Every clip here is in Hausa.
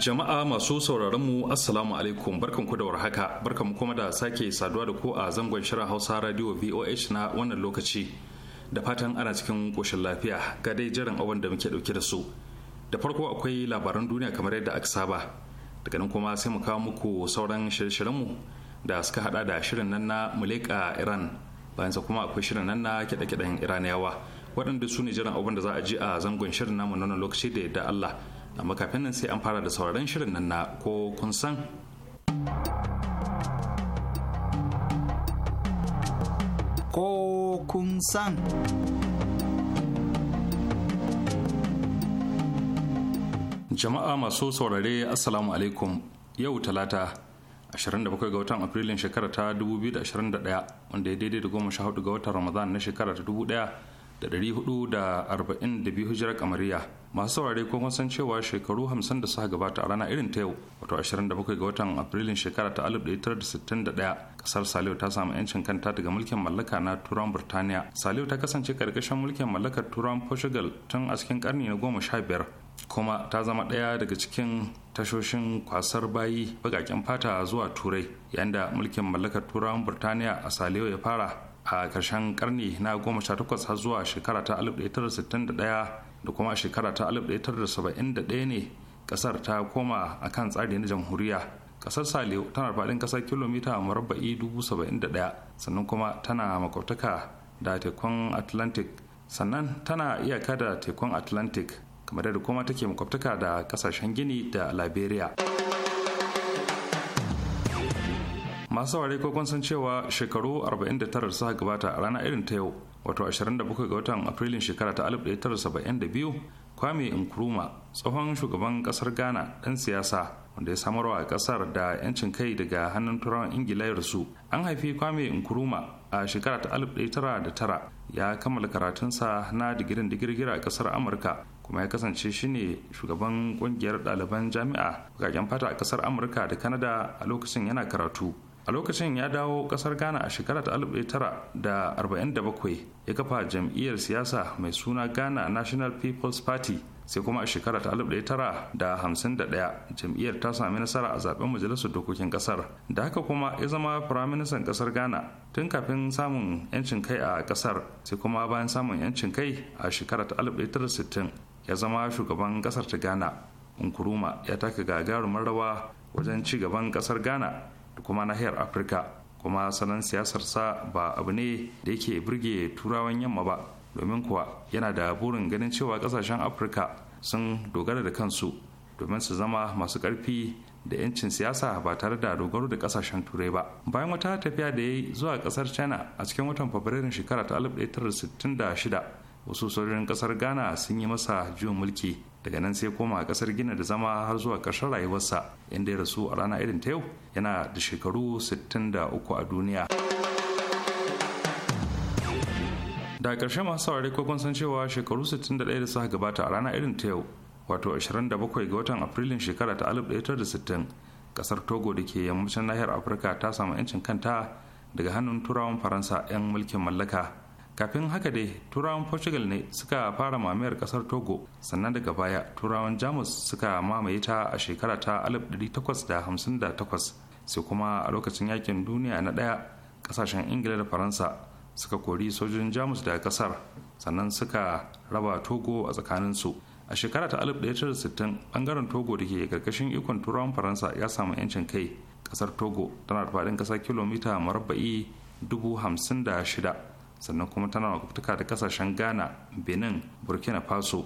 Jama'a masu sauraron mu Assalamu alaikum barkanku da warhaka mu kuma da sake saduwa da ku a zangon shirin Hausa Radio VOH na wannan lokaci. Da fatan ana cikin koshin lafiya ga dai jiran abin da muke dauke da su. Da farko akwai labaran duniya kamar yadda aka saba. Daga nan kuma sai mu kawo muku sauran shirye-shiryen mu da suka hada da shirin nan na Muleka Iran. Bayan sa kuma akwai shirin nan na kiɗe Iraniyawa. Waɗanda su ne jiran abin da za a ji a zangon shirin namu nan lokaci da yadda Allah. amma kafin nan sai an fara da sauraron shirin nan na ko kun san ko kun san jama'a masu saurare assalamu alaikum yau talata 27 ga watan afrilun shekara ta 2021 wanda ya daidai da 14 ga watan ramadan na shekara ta da 442 hijirar kamariya masu saurare ko san cewa shekaru 50 da suka gabata a rana irin ta yau wato 27 ga watan afrilun shekara ta 1961 kasar saliu ta samu yancin kanta daga mulkin mallaka na turan burtaniya saliu ta kasance karkashin mulkin mallakar turan portugal tun a cikin karni na 15 kuma ta zama ɗaya daga cikin tashoshin kwasar bayi bagaken fata zuwa turai yayin da mulkin mallakar turan burtaniya a saliu ya fara a ƙarshen karni na 18 har zuwa shekara ta 1961 da kuma shekara ta 1971 ne ƙasar ta koma a kan tsari na jamhuriya ƙasar saliu tana faɗin ƙasar kilomita murabba'i ɗaya sannan kuma tana makwabtaka da tekun atlantic sannan tana iyaka da tekun atlantic kamar da kuma take makwabtaka da ƙasashen gini da liberia masu saurari ko kun san cewa shekaru 49 suka gabata a rana irin ta yau wato 27 ga watan afrilun shekara ta 1972 kwame nkrumah tsohon shugaban kasar ghana dan siyasa wanda ya samarwa a kasar da 'yancin kai daga hannun turawan ingila ya an haifi kwame nkrumah a shekara ta 1909 ya kammala karatunsa na digirin digirgira a kasar amurka kuma ya kasance shine shugaban kungiyar ɗaliban jami'a gagen fata a kasar amurka da kanada a lokacin yana karatu a lokacin ya dawo kasar ghana a shekarar 1947 ya kafa jam'iyyar siyasa mai suna ghana national people's party sai kuma a shekarar 1951 jam'iyyar ta sami nasara a zaben majalisar dokokin kasar da haka kuma ya zama firaministan kasar ghana tun kafin samun yancin kai a kasar sai kuma bayan samun yancin kai a shekarar 1960 ya zama shugaban kasar ta ghana nkuruma ya taka gagarumar rawa wajen ci gaban kasar ghana kuma nahiyar afirka kuma salon siyasarsa ba abu ne da yake burge turawan yamma ba domin kuwa yana da burin ganin cewa kasashen afirka sun dogara da kansu domin su zama masu karfi da 'yancin siyasa ba tare da dogaro da kasashen turai ba bayan wata tafiya da ya yi zuwa kasar china a cikin watan fabrairun shekara ta 1966 wasu sojojin kasar ghana sun yi masa juyin mulki daga nan sai koma a kasar gina da zama har zuwa ƙarshen rayuwarsa inda ya rasu a rana irin ta yau yana da shekaru 63 a duniya da ƙarshe masu saurari ko san cewa shekaru 61 da suka gabata a rana irin ta yau wato 27 ga watan afrilun shekara ta 1960 kasar togo da ke yammacin nahiyar afirka ta samu 'yancin kanta daga hannun turawan faransa 'yan mulkin mallaka kafin haka dai turawan portugal ne suka fara mamayar kasar togo sannan daga baya turawan jamus suka mamaye ta a shekara ta 1858 sai kuma a lokacin yakin duniya na daya kasashen ingila da faransa suka kori sojojin jamus da kasar sannan suka raba togo a tsakanin su a shekara ta 1960 bangaren togo da ke karkashin ikon turawan faransa ya samu 'yancin kai kasar togo tana da faɗin kasa kilomita marabba'i 56,000 sannan kuma tana makwabtaka da kasashen ghana benin burkina faso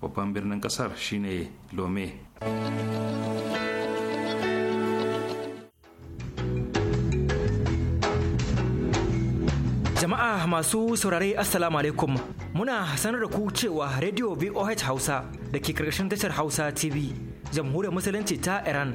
babban birnin kasar shine lome jama'a masu saurare assalamu alaikum muna sanar da ku cewa radio voh hausa da ke karkashin tashar hausa tv jamhuriyar musulunci ta iran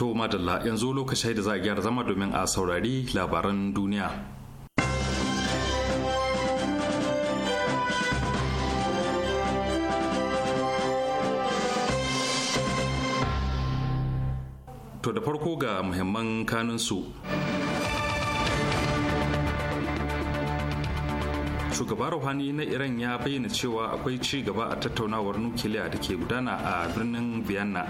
To madalla yanzu lokaci da za a gyara zama domin a saurari labaran duniya. To da farko ga muhimman kanunsu. Shugaba Rouhani na Iran ya bayyana cewa akwai ci gaba a tattaunawar nukiliya da ke gudana a birnin Vienna.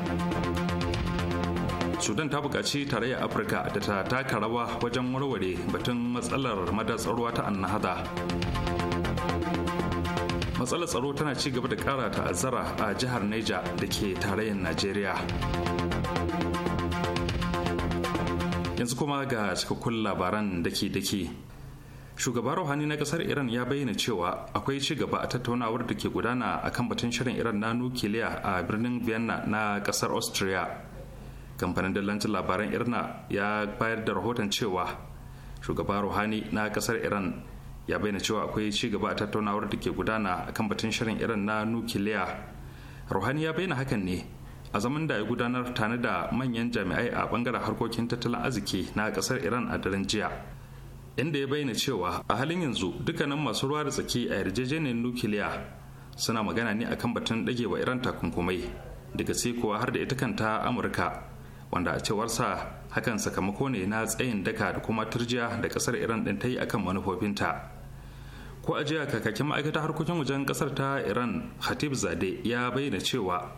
sudan ta buƙaci tarayyar afirka da ta taka rawa wajen warware batun matsalar madatsarwa ta annahada matsalar tsaro tana ci gaba da ƙara ta'azzara a jihar Niger da ke tarayyar najeriya yanzu kuma ga cikakkun labaran dake-dake shugaba rohani na kasar iran ya bayyana cewa akwai ci gaba a tattaunawar da ke gudana akan batun shirin iran na nukiliya a birnin vienna na kasar austria kamfanin dillancin labaran irna ya bayar da rahoton cewa shugaba ruhani na kasar iran ya bayyana cewa akwai ci gaba a tattaunawar da ke gudana kan batun shirin iran na nukiliya ruhani ya bayyana hakan ne a zaman da ya gudanar tare da manyan jami'ai a bangaren harkokin tattalin arziki na kasar iran a daren jiya inda ya bayyana cewa a halin yanzu dukkanin masu ruwa da tsaki a yarjejeniyar nukiliya suna magana ne akan batun dagewa iran takunkumai daga sai kuwa har da ita kanta amurka wanda a cewar sa hakan sakamako ne na tsayin daka da kuma turjiya da kasar iran din ta yi akan manufofinta ko a jiya kakakin ma'aikatar harkokin wajen kasar ta iran khatib zade ya bayyana cewa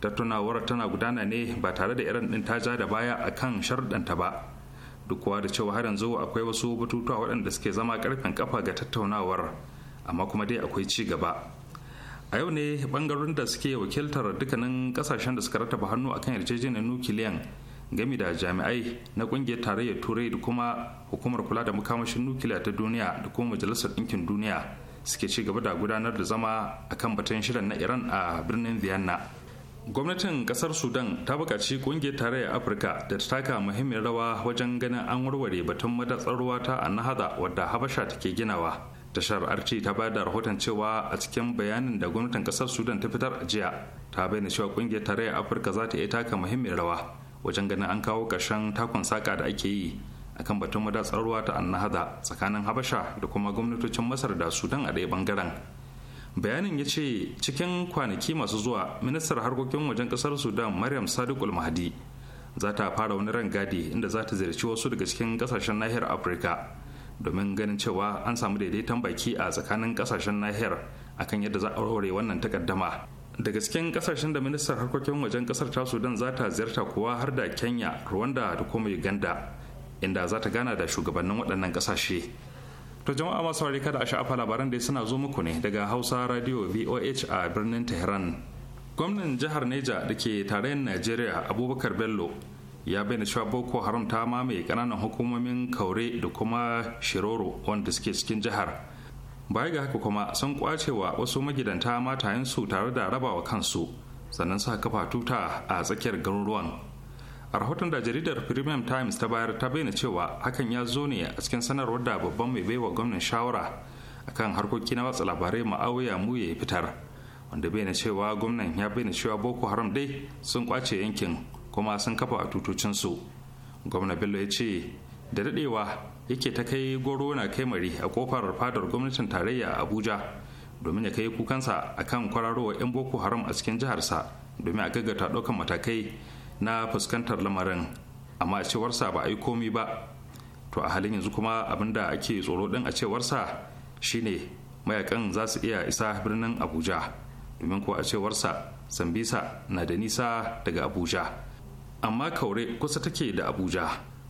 tattaunawar tana gudana ne ba tare da iran din ta ja da baya akan sharɗanta ba duk da cewa har yanzu akwai wasu batutuwa waɗanda suke zama ƙarfin kafa ga tattaunawar amma kuma dai akwai ci gaba a yau ne bangarorin da suke wakiltar dukkanin kasashen da suka rataba hannu akan yarjejeniyar nukiliyan game da jami'ai na kungiyar tarayyar turai da kuma hukumar kula da makamashin nukiliya ta duniya da kuma majalisar ɗinkin duniya suke ci gaba da gudanar da zama a kan batun shirin na iran a birnin vienna gwamnatin kasar sudan ta bukaci kungiyar tarayyar afirka da ta taka muhimmiyar rawa wajen ganin an warware batun madatsar ruwa ta annahada wadda habasha take ginawa tashar arce ta bayar da rahoton cewa a cikin bayanin da gwamnatin kasar sudan ta fitar a jiya ta bayyana cewa kungiyar tarayyar afirka za ta iya taka muhimmiyar rawa wajen ganin an kawo ƙarshen takon saka da ake yi akan batun madatsar ruwa ta annahada tsakanin habasha da kuma gwamnatocin masar da sudan a ɗaya bangaren bayanin ya ce cikin kwanaki masu zuwa ministar harkokin wajen kasar sudan maryam sadiq mahdi za ta fara wani rangadi inda za ta ziyarci wasu daga cikin kasashen nahiyar afirka domin ganin cewa an samu daidaiton baki a tsakanin kasashen nahiyar akan yadda za a warware wannan takaddama daga cikin kasashen da Ministan harkokin wajen kasar ta sudan za ta ziyarta kuwa har da kenya rwanda da kuma uganda inda za ta gana da shugabannin waɗannan kasashe to jama'a masu kada a sha'afa labaran da suna zo muku ne daga hausa radio voh a birnin tehran gwamnan jihar neja da ke tarayyar najeriya abubakar bello ya bayyana cewa boko haram ta mamaye kananan hukumomin kaure da kuma shiroro wanda suke cikin jihar baya ga haka kuma sun kwacewa wasu magidanta matayensu tare da rabawa kansu sannan suka kafa tuta a tsakiyar garuruwan a rahoton da jaridar premium times ta bayar ta bayyana cewa hakan ya zo ne a cikin sanarwar da babban mai baiwa gwamnan shawara akan harkoki na watsa labarai ma'auya ya fitar wanda bayyana cewa gwamnan ya bayyana cewa boko haram dai sun kwace yankin kuma sun kafa a tutocinsu gwamna bello ya ce da daɗewa yake ta kai goro na kai a kofar fadar gwamnatin tarayya a abuja domin ya kai kukansa a kan kwararowar 'yan boko haram a cikin jiharsa domin a gaggata ɗaukan matakai na fuskantar lamarin amma a cewarsa ba a yi komi ba to a halin yanzu kuma abin da ake tsoro ɗin a cewarsa shine mayakan za su iya isa birnin abuja domin ko a cewarsa sambisa na da nisa daga abuja amma kaure kusa take da abuja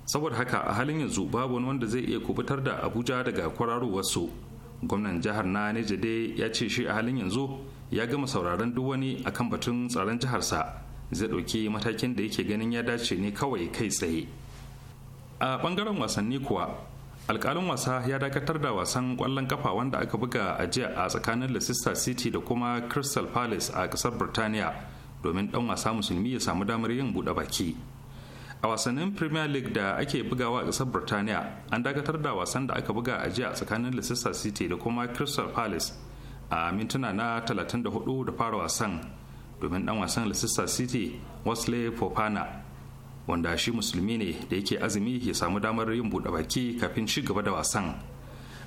saboda haka a halin yanzu babu wani wanda zai iya kubutar da abuja daga kwararowarsu gwamnan jihar na dai ya ce shi a halin yanzu ya gama sauraron duk wani akan batun tsaron jiharsa zai ɗauki matakin da yake ganin ya dace ne kawai kai tsaye a bangaren wasanni kuwa alkalin wasa ya dakatar da wasan ƙwallon kafa wanda aka buga a jiya a tsakanin leicester city da kuma crystal palace a ƙasar birtaniya domin 'dan wasa musulmi ya samu damar yin buɗe baki a wasannin premier league da ake bugawa a ƙasar birtaniya an dakatar da wasan da aka buga a jiya tsakanin leicester city da kuma crystal palace a mintuna na 34 da fara wasan domin dan wasan leicester city wesley fofana wanda shi musulmi ne da yake azumi ya samu damar yin buɗe baki kafin ci gaba da wasan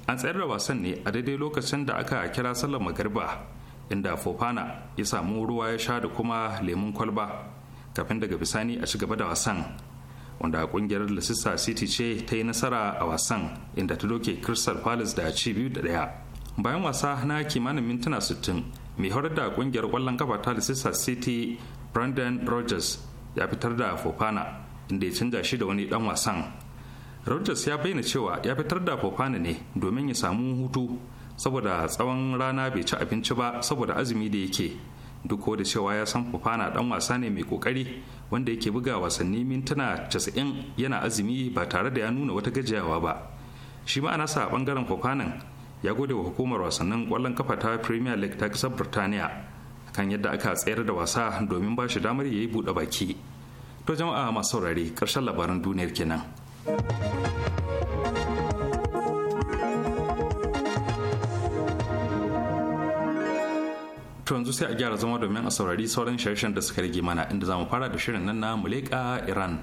an tsayar da wasan ne a daidai lokacin da aka kira sallar magariba inda fofana ya samu ruwa ya sha da kuma lemun kwalba kafin daga bisani a ci gaba da wasan wanda kungiyar leicester city ce ta yi nasara a wasan inda ta doke crystal palace da ci biyu da daya bayan wasa na kimanin mintuna 60 mai horar da kungiyar kwallon kafa ta leicester city brandon rogers ya fitar da fofana inda ya canja shi da wani dan wasan rogers ya bayyana cewa ya fitar da fofana ne domin ya samu hutu saboda tsawon rana bai ci abinci ba saboda azumi da yake duk da cewa ya san na dan wasa ne mai kokari wanda yake buga wasanni mintuna 90 yana azumi ba tare da ya nuna wata gajiyawa ba shi ma nasa bangaren fofanan ya gode wa hukumar wasannin kwallon kafa ta premier league ta kasar birtaniya kan yadda aka tsayar da wasa domin ba shi damar ya yi buɗe baki to jama'a masu saurare ƙarshen labaran duniyar kenan to yanzu sai a gyara zama domin a saurari sauran shirshen da suka rage mana inda za mu fara da shirin nan na muleka iran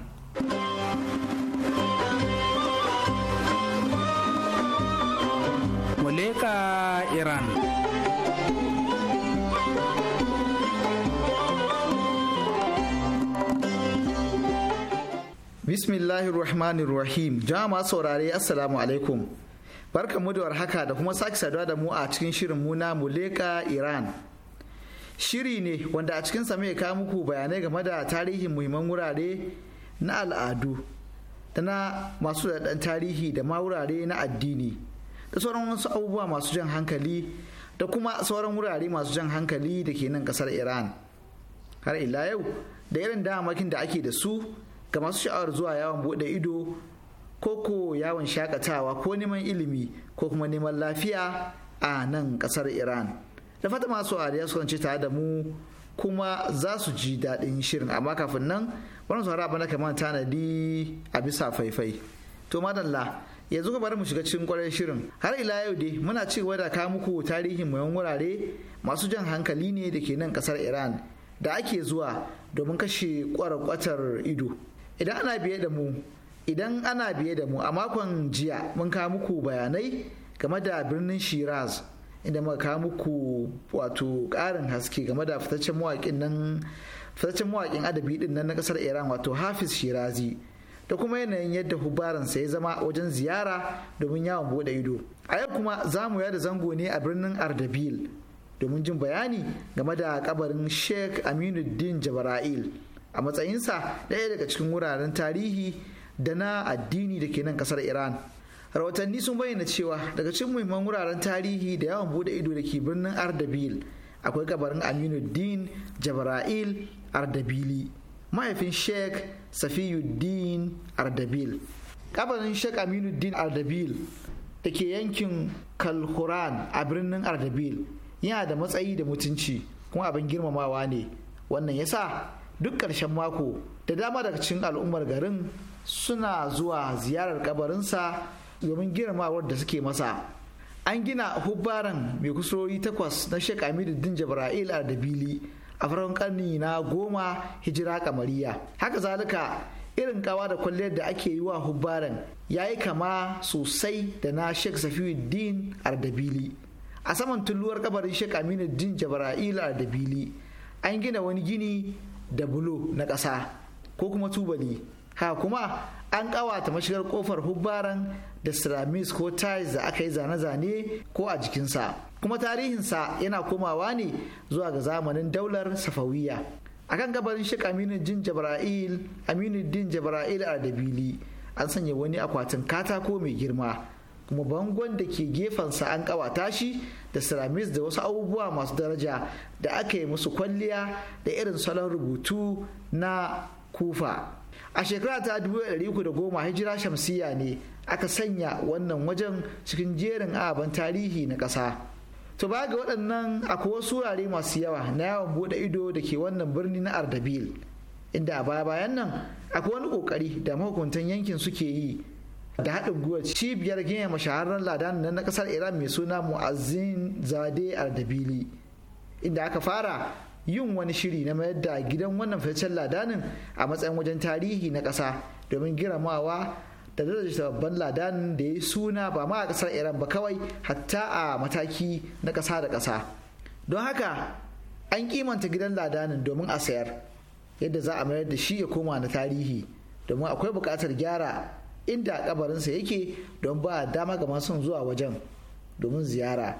muleka iran Bismillahirrahmanirrahim. Jama'a saurare Assalamu alaikum. Barkanmu da haka da kuma sake saduwa da mu a cikin shirin muna Muleka Iran. shiri ne wanda a cikinsa mai kawo muku bayanai game da tarihin muhimman wurare na al'adu da na masu daɗan tarihi da ma wurare na addini da sauran wasu abubuwa masu jan hankali da kuma sauran wurare masu jan hankali da ke nan ƙasar iran har ila yau da irin damakin da ake da su ga masu sha'awar zuwa yawon buɗe ido ko ko yawon shakatawa ko neman ilimi ko kuma neman lafiya a nan ƙasar iran da fata masu ariya su kwanci tare da mu kuma za su ji daɗin shirin amma kafin nan wani saurara bana kamar tanadi a bisa faifai to madalla yanzu ka bari mu shiga cikin kwarar shirin har ila yau dai muna ci gaba da kawo muku tarihin mayan wurare masu jan hankali ne da ke nan kasar iran da ake zuwa domin kashe kwarakwatar ido idan ana biye da mu idan ana biye da mu a makon jiya mun kawo muku bayanai game da birnin shiraz inda muka kawo muku wato ƙarin haske game da fitaccen mawaƙin nan fitaccen mawaƙin adabi din nan na ƙasar iran wato hafiz shirazi da kuma yanayin yadda hubaransa ya zama wajen ziyara domin yawon bude ido a yau kuma za mu yada zango ne a birnin ardabil domin jin bayani game da kabarin sheikh aminuddin jabra'il a matsayinsa ɗaya daga cikin wuraren tarihi da na addini da ke nan ƙasar iran rahotanni sun bayyana cewa daga cikin muhimman wuraren tarihi da yawan bude ido da ke birnin ardabil akwai kabarin aminuddin jabra'il ardabili mahaifin Safiyu safiyuddin ardabil kabarin Aminu aminuddin ardabil da ke yankin kalhuran a birnin ardabil yana da matsayi da mutunci kuma abin girmamawa ne wannan yasa duk ƙarshen mako da dama daga cikin al'ummar garin suna zuwa ziyarar kabarinsa domin girmamawar da suke masa an gina hubbaran mai kusurori takwas na sheikh amiru din jabra'il a dabili a farkon karni na goma hijira kamariya haka zalika irin kawa da kwalliyar da ake yi wa hubbaran ya yi kama sosai da na sheikh safiuddin ardabili a saman tulluwar kabarin shek aminu din jabra'il ardabili an gina wani gini da bulo na ƙasa ko kuma tubali ha kuma an ƙawata mashigar kofar hubbaran da siramis ko tiles da aka yi zane-zane ko a jikinsa kuma tarihinsa yana komawa ne zuwa ga zamanin daular safawiya kan gabarin shek din jabra'il aminuddin jabra'il a dabili an sanya wani akwatin katako mai girma kuma bangon da ke gefensa an kawata shi da siramis da wasu abubuwa masu daraja da aka yi musu kwalliya da irin salon rubutu na kufa a shekara ta 1310 hijira shamsiya ne aka sanya wannan wajen cikin jerin ababen tarihi na ƙasa to baya ga waɗannan akwai wasu wurare masu yawa na yawon buɗe ido da ke wannan birni na ardabil inda a baya bayan nan akwai wani ƙoƙari da mahukuntan yankin suke yi da haɗin gwiwa cibiyar gina mashaharar Ladan na ƙasar iran mai suna mu'azzin zade ardabili inda aka fara yin wani shiri na mayar da gidan wannan fitaccen ladanin a matsayin wajen tarihi na ƙasa domin giramawa da daraja babban ladanin da ya suna ba ma a ƙasar iran ba kawai hatta a mataki na ƙasa da ƙasa don haka an kimanta gidan ladanin domin a sayar yadda za a mayar da shi ya koma na tarihi domin akwai buƙatar gyara inda kabarinsa yake don ba dama ga masu zuwa wajen domin ziyara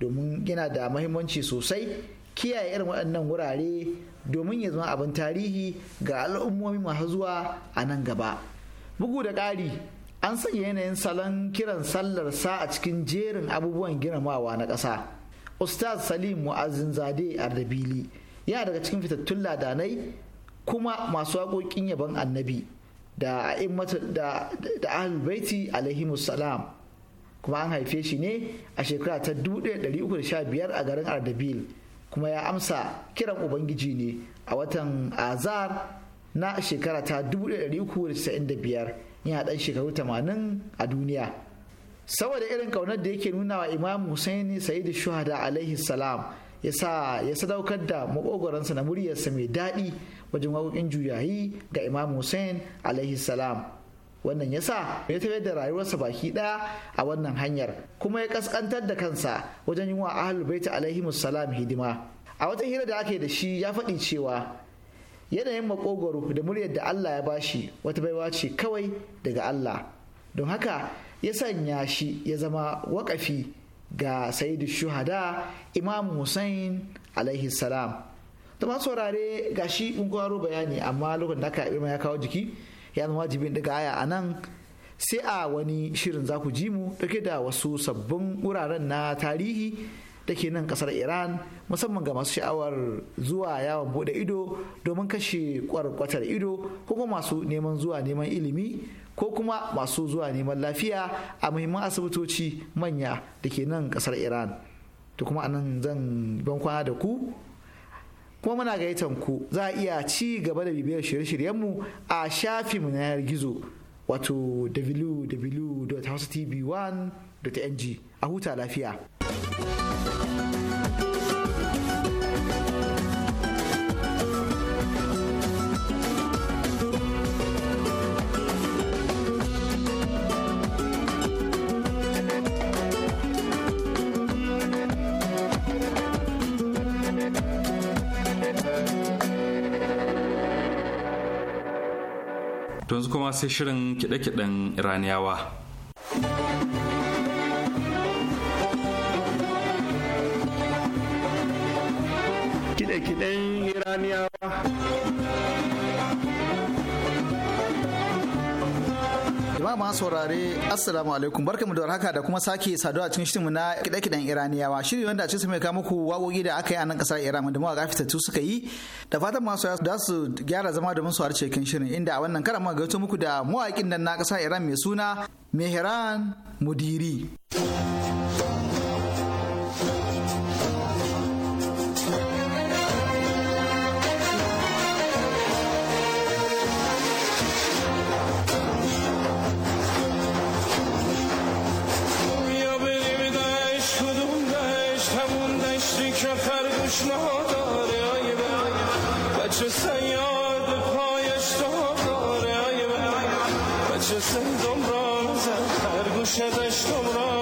domin yana da mahimmanci sosai kiyaye irin waɗannan wurare domin ya zama abin tarihi ga al'ummomi masu zuwa a nan gaba bugu da ƙari an sanya yanayin salon kiran sallar sa a cikin jerin abubuwan gina girmamawa na ƙasa ustaz salim mu'azzin zade ardabili yana daga cikin fitattun ladanai kuma masu waƙoƙin yabon annabi da da da ahlulbaiti alaihimu salam kuma an haife shi ne a shekara ta 1315 a garin ardabil kuma ya amsa kiran ubangiji ne a watan azar na shekara ta 1995 yana dan shekaru 80 a duniya saboda irin kaunar da yake nuna wa imam Hussein Sayyid Shuhada alaihi salam ya sa ya sadaukar da maƙogoransa na muryarsa mai daɗi wajen waƙoƙin juyayi ga imam Hussein alaihi salam wannan yasa ya tafiyar da rayuwarsa baki daya a wannan hanyar kuma ya kaskantar da kansa wajen yi wa ahlul baiti alaihi musallam hidima a wata hira da ake da shi ya faɗi cewa yanayin makogwaro da muryar da Allah ya bashi wata baiwa ce kawai daga Allah don haka ya sanya shi ya zama wakafi ga sayyidu shuhada imam Hussein alaihi salam Ta ma saurare ga shi bayani amma lokacin da aka ya kawo jiki yan wajibin daga aya a nan sai a wani shirin za ku ji mu dauke da wasu sabbin wuraren na tarihi da ke nan kasar iran musamman ga masu sha'awar zuwa yawon bude ido domin kashe kwarkwatar ido ko kuma masu neman zuwa neman ilimi ko kuma masu zuwa neman lafiya a muhimman asibitoci manya da ke nan kasar iran da kuma anan zan ban kwana da ku kuma muna gayyatar ku za a iya ci gaba da bibiyar shirye-shiryenmu a shafin na yanar gizo wato www.housetv1.ng a huta lafiya. yanzu kuma sai shirin kiɗe-kiɗen iraniyawa kiɗe-kiɗen iraniyawa ma saurare assalamu alaikum barkamu da warhaka da kuma sake saduwa a cikin shirinmu na kiɗe-kiɗen iraniyawa shirin wanda a cikin mai kawo muku waƙoƙi da aka yi a nan kasar iran da mawaƙa fitattu suka yi da fatan masu da su gyara zama domin su harce kan shirin inda a wannan karan gaito muku da mawaƙin nan na kasar iran mai suna mehran mudiri. چه سندم را نزد هر گوشه دشتم را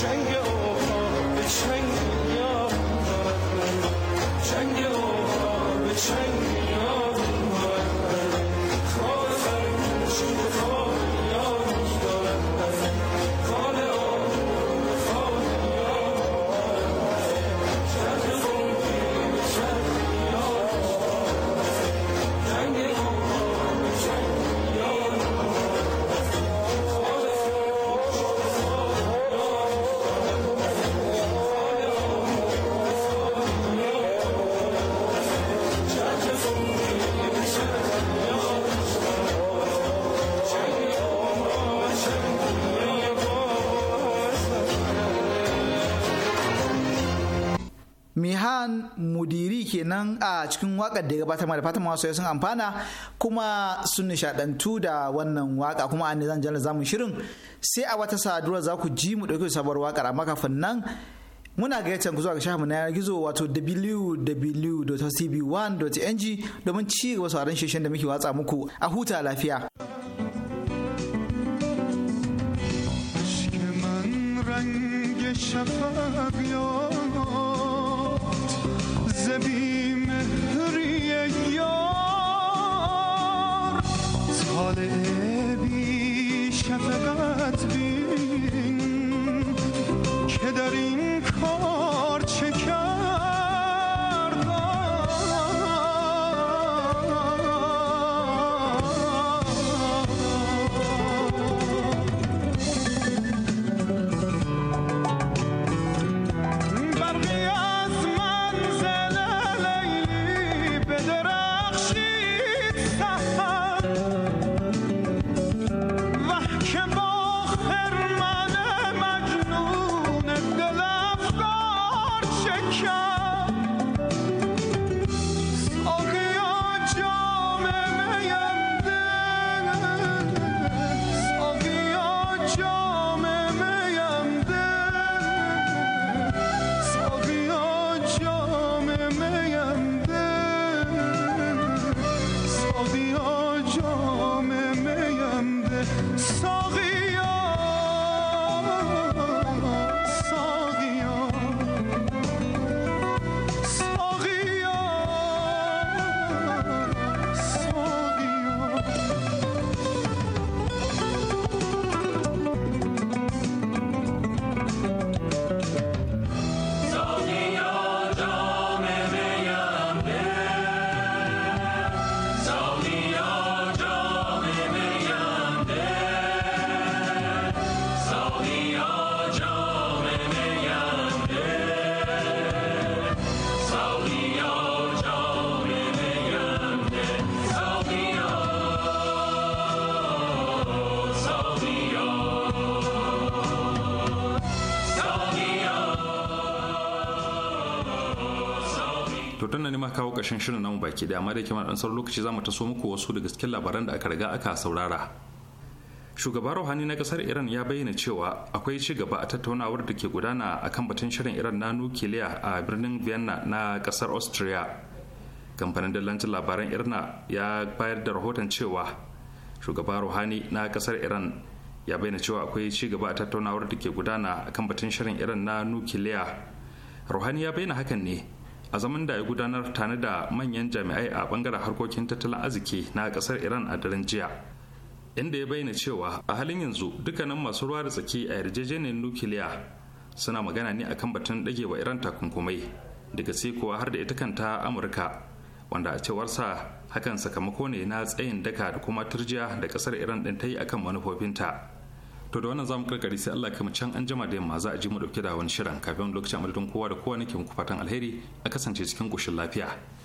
triangle. kenan a cikin wakar da ya gabata da fatan masu sun amfana kuma sun nishadantu da wannan waka kuma an zan jana zamu shirin sai a wata sadura za ku ji mu dauke sabuwar wakar amma kafin nan muna gayyatar ku zuwa ga shafinmu na yanar gizo wato www.cb1.ng domin ci gaba sauran sheshen da muke watsa muku a huta lafiya. شفق زبیم یار طالع بی شفقت بین که در این کار ƙarshen shirin namu baki da amma da mana dan sauran lokaci za mu taso muku wasu daga cikin labaran da aka riga aka saurara shugaba ruhani na kasar iran ya bayyana cewa akwai ci gaba a tattaunawar da ke gudana akan batun shirin iran na nukiliya a birnin vienna na kasar austria kamfanin dallancin labaran irna ya bayar da rahoton cewa shugaba ruhani na kasar iran ya bayyana cewa akwai ci gaba a tattaunawar da ke gudana akan batun shirin iran na nukiliya ruhani ya bayyana hakan ne a zaman da ya gudanar tare da manyan jami'ai a bangaren harkokin tattalin arziki na kasar iran a daren jiya inda ya bayyana cewa a halin yanzu dukkanin masu ruwa da tsaki a yarjejeniyar nukiliya suna magana ne akan batun dage wa iran takunkumai daga sai kuwa har da ita kanta amurka wanda a cewar sa hakan sakamako ne na tsayin daka da kuma turjiya da kasar iran din ta yi akan manufofinta to da wannan zamu karkari sai Allah mu can an jima da yamma za a ji mu dauke da wani shirin kafin lokacin amadadin kowa da kowa nake muku fatan alheri a kasance cikin koshin lafiya